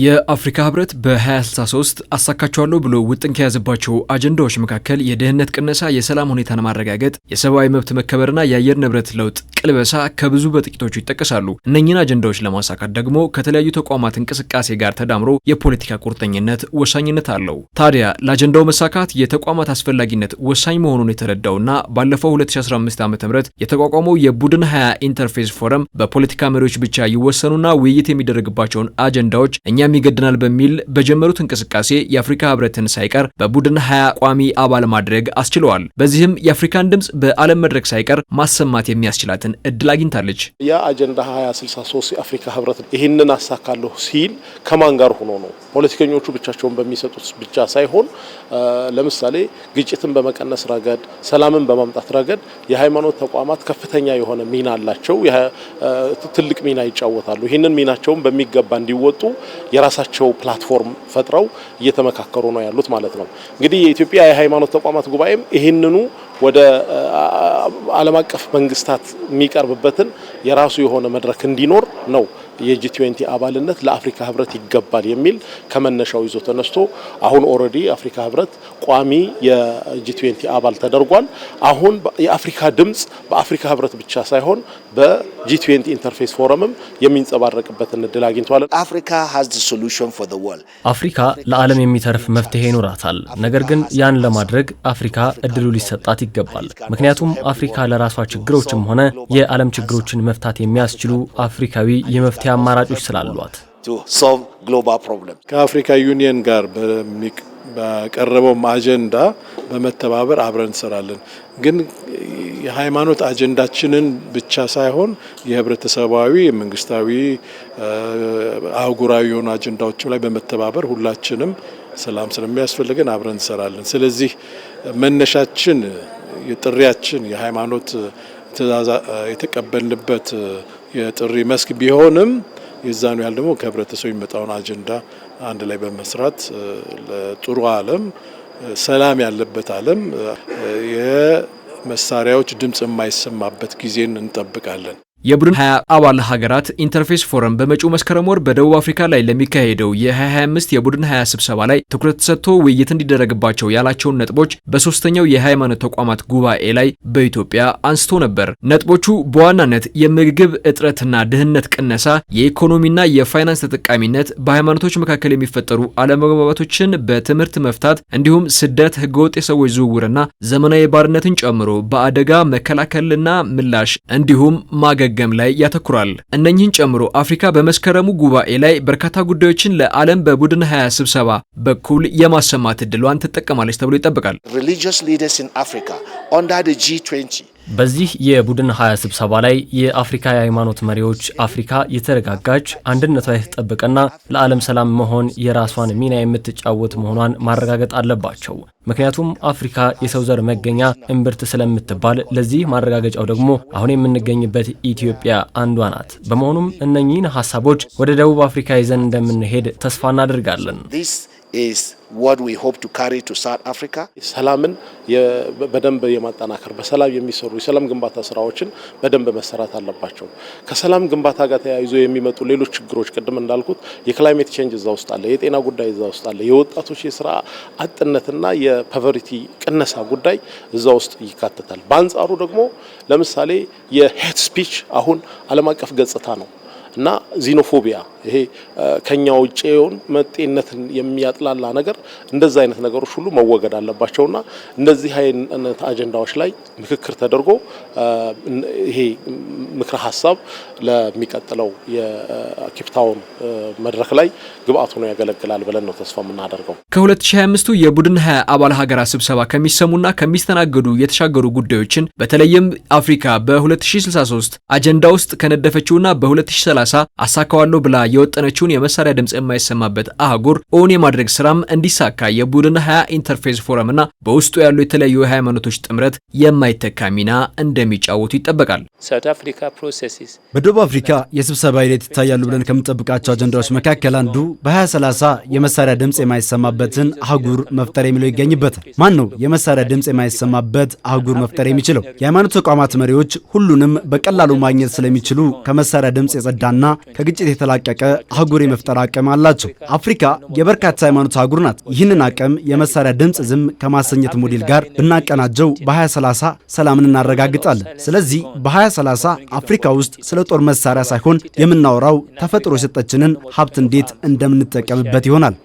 የአፍሪካ ህብረት በ2063 አሳካቸዋለሁ ብሎ ውጥን ከያዘባቸው አጀንዳዎች መካከል የድህነት ቅነሳ፣ የሰላም ሁኔታን ማረጋገጥ፣ የሰብአዊ መብት መከበርና የአየር ንብረት ለውጥ ቅልበሳ ከብዙ በጥቂቶቹ ይጠቀሳሉ። እነኝን አጀንዳዎች ለማሳካት ደግሞ ከተለያዩ ተቋማት እንቅስቃሴ ጋር ተዳምሮ የፖለቲካ ቁርጠኝነት ወሳኝነት አለው። ታዲያ ለአጀንዳው መሳካት የተቋማት አስፈላጊነት ወሳኝ መሆኑን የተረዳውና ባለፈው 2015 ዓ ም የተቋቋመው የቡድን 20 ኢንተርፌስ ፎረም በፖለቲካ መሪዎች ብቻ ይወሰኑና ውይይት የሚደረግባቸውን አጀንዳዎች እኛ እኛም ይገድናል በሚል በጀመሩት እንቅስቃሴ የአፍሪካ ህብረትን ሳይቀር በቡድን ሀያ ቋሚ አባል ማድረግ አስችለዋል። በዚህም የአፍሪካን ድምፅ በዓለም መድረክ ሳይቀር ማሰማት የሚያስችላትን እድል አግኝታለች። የአጀንዳ 2063 የአፍሪካ ህብረት ይህንን አሳካለሁ ሲል ከማን ጋር ሆኖ ነው? ፖለቲከኞቹ ብቻቸውን በሚሰጡት ብቻ ሳይሆን ለምሳሌ ግጭትን በመቀነስ ረገድ፣ ሰላምን በማምጣት ረገድ የሃይማኖት ተቋማት ከፍተኛ የሆነ ሚና አላቸው፣ ትልቅ ሚና ይጫወታሉ። ይህንን ሚናቸውን በሚገባ እንዲወጡ የራሳቸው ፕላትፎርም ፈጥረው እየተመካከሩ ነው ያሉት ማለት ነው። እንግዲህ የኢትዮጵያ የሃይማኖት ተቋማት ጉባኤም ይህንኑ ወደ ዓለም አቀፍ መንግስታት የሚቀርብበትን የራሱ የሆነ መድረክ እንዲኖር ነው የጂ ትዌንቲ አባልነት ለአፍሪካ ህብረት ይገባል የሚል ከመነሻው ይዞ ተነስቶ አሁን ኦልሬዲ አፍሪካ ህብረት ቋሚ የጂ ትዌንቲ አባል ተደርጓል። አሁን የአፍሪካ ድምፅ በአፍሪካ ህብረት ብቻ ሳይሆን በጂ ትዌንቲ ኢንተርፌስ ፎረምም የሚንጸባረቅበትን እድል አግኝተዋል። አፍሪካ ለዓለም የሚተርፍ መፍትሄ ይኖራታል። ነገር ግን ያን ለማድረግ አፍሪካ እድሉ ሊሰጣት ይገባል። ምክንያቱም አፍሪካ ለራሷ ችግሮችም ሆነ የዓለም ችግሮችን መፍታት የሚያስችሉ አፍሪካዊ የመፍትሄ አማራጮች ስላሏት ከአፍሪካ ዩኒየን ጋር በቀረበውም አጀንዳ በመተባበር አብረን እንሰራለን። ግን የሃይማኖት አጀንዳችንን ብቻ ሳይሆን የህብረተሰባዊ፣ የመንግስታዊ፣ አህጉራዊ የሆኑ አጀንዳዎች ላይ በመተባበር ሁላችንም ሰላም ስለሚያስፈልገን አብረን እንሰራለን። ስለዚህ መነሻችን የጥሪያችን የሃይማኖት ትእዛዝ የተቀበልንበት የጥሪ መስክ ቢሆንም የዛኑ ያህል ደግሞ ከህብረተሰቡ የሚመጣውን አጀንዳ አንድ ላይ በመስራት ለጥሩ ዓለም ሰላም ያለበት ዓለም የመሳሪያዎች ድምፅ የማይሰማበት ጊዜን እንጠብቃለን። የቡድን 20 አባል ሀገራት ኢንተርፌስ ፎረም በመጪው መስከረም ወር በደቡብ አፍሪካ ላይ ለሚካሄደው የ2025 የቡድን 20 ስብሰባ ላይ ትኩረት ተሰጥቶ ውይይት እንዲደረግባቸው ያላቸውን ነጥቦች በሶስተኛው የሃይማኖት ተቋማት ጉባኤ ላይ በኢትዮጵያ አንስቶ ነበር። ነጥቦቹ በዋናነት የምግብ እጥረትና ድህነት ቅነሳ፣ የኢኮኖሚና የፋይናንስ ተጠቃሚነት፣ በሃይማኖቶች መካከል የሚፈጠሩ አለመግባባቶችን በትምህርት መፍታት፣ እንዲሁም ስደት፣ ህገወጥ የሰዎች ዝውውርና ዘመናዊ ባርነትን ጨምሮ በአደጋ መከላከልና ምላሽ እንዲሁም ማገ በመገምገም ላይ ያተኩራል። እነኚህን ጨምሮ አፍሪካ በመስከረሙ ጉባኤ ላይ በርካታ ጉዳዮችን ለዓለም በቡድን 20 ስብሰባ በኩል የማሰማት እድሏን ትጠቀማለች ተብሎ ይጠበቃል። በዚህ የቡድን ሀያ ስብሰባ ላይ የአፍሪካ የሃይማኖት መሪዎች አፍሪካ የተረጋጋች አንድነቷ የተጠበቀና ለዓለም ሰላም መሆን የራሷን ሚና የምትጫወት መሆኗን ማረጋገጥ አለባቸው። ምክንያቱም አፍሪካ የሰው ዘር መገኛ እምብርት ስለምትባል፣ ለዚህ ማረጋገጫው ደግሞ አሁን የምንገኝበት ኢትዮጵያ አንዷ ናት። በመሆኑም እነኚህን ሀሳቦች ወደ ደቡብ አፍሪካ ይዘን እንደምንሄድ ተስፋ እናደርጋለን። ሰላምን በደንብ የማጠናከር በሰላም የሚሰሩ የሰላም ግንባታ ስራዎችን በደንብ መሰራት አለባቸው። ከሰላም ግንባታ ጋር ተያይዞ የሚመጡ ሌሎች ችግሮች ቅድም እንዳልኩት የክላይሜት ቼንጅ እዛ ውስጥ አለ፣ የጤና ጉዳይ እዛ ውስጥ አለ፣ የወጣቶች የስራ አጥነትና የፖቨርቲ ቅነሳ ጉዳይ እዛ ውስጥ ይካተታል። በአንጻሩ ደግሞ ለምሳሌ የሄት ስፒች አሁን ዓለም አቀፍ ገጽታ ነው። እና ዚኖፎቢያ ይሄ ከኛ ውጭ የሆን መጤነትን የሚያጥላላ ነገር እንደዚህ አይነት ነገሮች ሁሉ መወገድ እና እንደዚህ አይነት አጀንዳዎች ላይ ምክክር ተደርጎ ይሄ ምክረ ሀሳብ ለሚቀጥለው የኬፕታውን መድረክ ላይ ግብአት ሆኖ ያገለግላል ብለን ነው ተስፋ የምናደርገው። ከ2025ቱ የቡድን ሀያ አባል ሀገራት ስብሰባ ከሚሰሙና ከሚስተናገዱ የተሻገሩ ጉዳዮችን በተለይም አፍሪካ በ2063 አጀንዳ ውስጥ ከነደፈችውና በ2030 2030 አሳካዋለሁ ብላ የወጠነችውን የመሳሪያ ድምፅ የማይሰማበት አህጉር እውን የማድረግ ስራም እንዲሳካ የቡድን ሀያ ኢንተርፌስ ፎረምና በውስጡ ያሉ የተለያዩ የሃይማኖቶች ጥምረት የማይተካ ሚና እንደሚጫወቱ ይጠበቃል። በደቡብ አፍሪካ የስብሰባ ሂደት ይታያሉ ብለን ከምንጠብቃቸው አጀንዳዎች መካከል አንዱ በ2030 የመሳሪያ ድምፅ የማይሰማበትን አህጉር መፍጠር የሚለው ይገኝበታል። ማን ነው የመሳሪያ ድምፅ የማይሰማበት አህጉር መፍጠር የሚችለው? የሃይማኖት ተቋማት መሪዎች ሁሉንም በቀላሉ ማግኘት ስለሚችሉ ከመሳሪያ ድምፅ የጸዳ ጠንካራና ከግጭት የተላቀቀ አህጉር የመፍጠር አቅም አላቸው። አፍሪካ የበርካታ ሃይማኖት አህጉር ናት። ይህንን አቅም የመሳሪያ ድምፅ ዝም ከማሰኘት ሞዴል ጋር ብናቀናጀው በ2030 ሰላምን እናረጋግጣለን። ስለዚህ በ2030 አፍሪካ ውስጥ ስለ ጦር መሳሪያ ሳይሆን የምናወራው ተፈጥሮ የሰጠችንን ሀብት እንዴት እንደምንጠቀምበት ይሆናል።